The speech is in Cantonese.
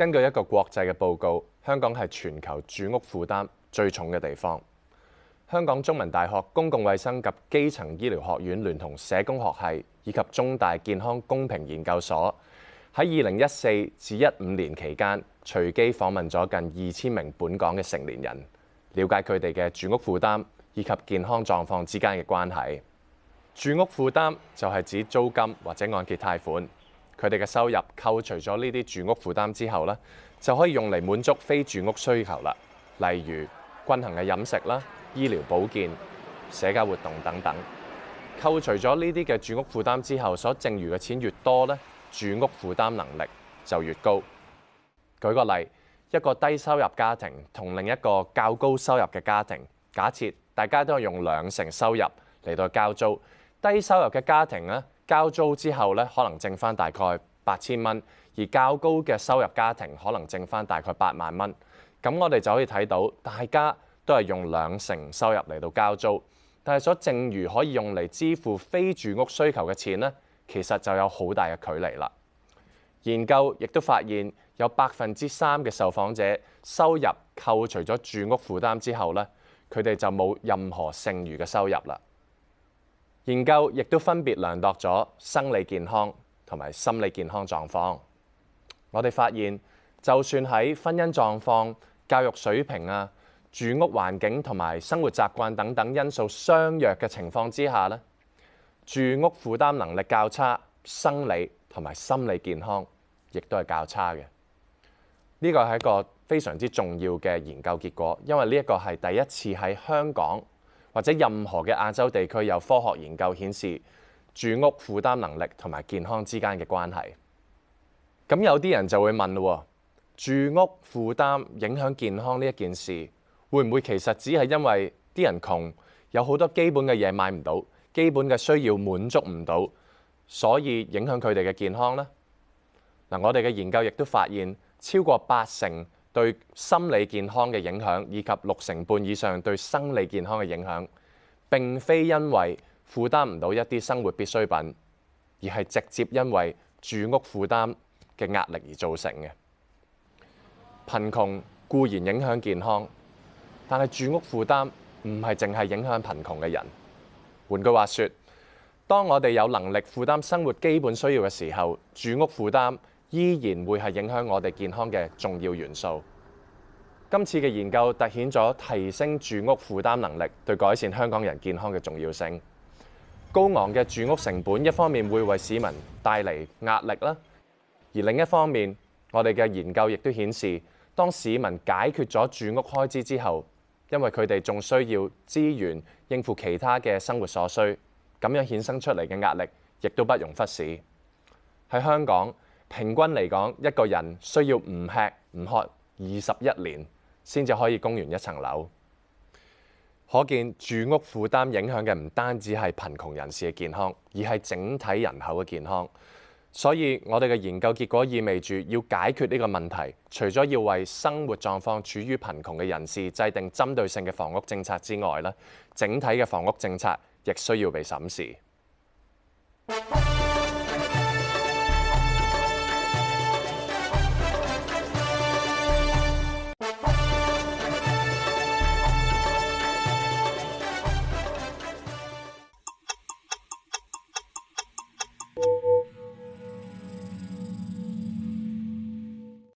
根據一個國際嘅報告，香港係全球住屋負擔最重嘅地方。香港中文大學公共衛生及基層醫療學院聯同社工學系以及中大健康公平研究所喺二零一四至一五年期間，隨機訪問咗近二千名本港嘅成年人，了解佢哋嘅住屋負擔以及健康狀況之間嘅關係。住屋負擔就係指租金或者按揭貸款。佢哋嘅收入扣除咗呢啲住屋負擔之後咧，就可以用嚟滿足非住屋需求啦，例如均衡嘅飲食啦、醫療保健、社交活動等等。扣除咗呢啲嘅住屋負擔之後，所剩餘嘅錢越多咧，住屋負擔能力就越高。舉個例，一個低收入家庭同另一個較高收入嘅家庭，假設大家都係用兩成收入嚟到交租，低收入嘅家庭咧。交租之後咧，可能剩翻大概八千蚊；而較高嘅收入家庭可能剩翻大概八萬蚊。咁我哋就可以睇到，大家都係用兩成收入嚟到交租，但係所剩餘可以用嚟支付非住屋需求嘅錢咧，其實就有好大嘅距離啦。研究亦都發現，有百分之三嘅受訪者收入扣除咗住屋負擔之後咧，佢哋就冇任何剩餘嘅收入啦。研究亦都分別量度咗生理健康同埋心理健康狀況。我哋發現，就算喺婚姻狀況、教育水平啊、住屋環境同埋生活習慣等等因素相若嘅情況之下咧，住屋負擔能力較差，生理同埋心理健康亦都係較差嘅。呢個係一個非常之重要嘅研究結果，因為呢一個係第一次喺香港，或者任何嘅亞洲地區有科學研究顯示住屋負擔能力同埋健康之間嘅關係。咁有啲人就會問嘞喎：「住屋負擔影響健康呢一件事，會唔會其實只係因為啲人窮，有好多基本嘅嘢買唔到，基本嘅需要滿足唔到，所以影響佢哋嘅健康呢？」嗱，我哋嘅研究亦都發現，超過八成，對心理健康嘅影響，以及六成半以上對生理健康嘅影響，並非因為負擔唔到一啲生活必需品，而係直接因為住屋負擔嘅壓力而造成嘅。貧窮固然影響健康，但係住屋負擔唔係淨係影響貧窮嘅人。換句話說，當我哋有能力負擔生活基本需要嘅時候，住屋負擔。依然會係影響我哋健康嘅重要元素。今次嘅研究突顯咗提升住屋負擔能力對改善香港人健康嘅重要性。高昂嘅住屋成本一方面會為市民帶嚟壓力啦，而另一方面，我哋嘅研究亦都顯示，當市民解決咗住屋開支之後，因為佢哋仲需要資源應付其他嘅生活所需，咁樣衍生出嚟嘅壓力亦都不容忽視。喺香港。平均嚟講，一個人需要唔吃唔喝二十一年，先至可以供完一層樓。可見住屋負擔影響嘅唔單止係貧窮人士嘅健康，而係整體人口嘅健康。所以我哋嘅研究結果意味住要解決呢個問題，除咗要為生活狀況處於貧窮嘅人士制定針對性嘅房屋政策之外，呢整體嘅房屋政策亦需要被審視。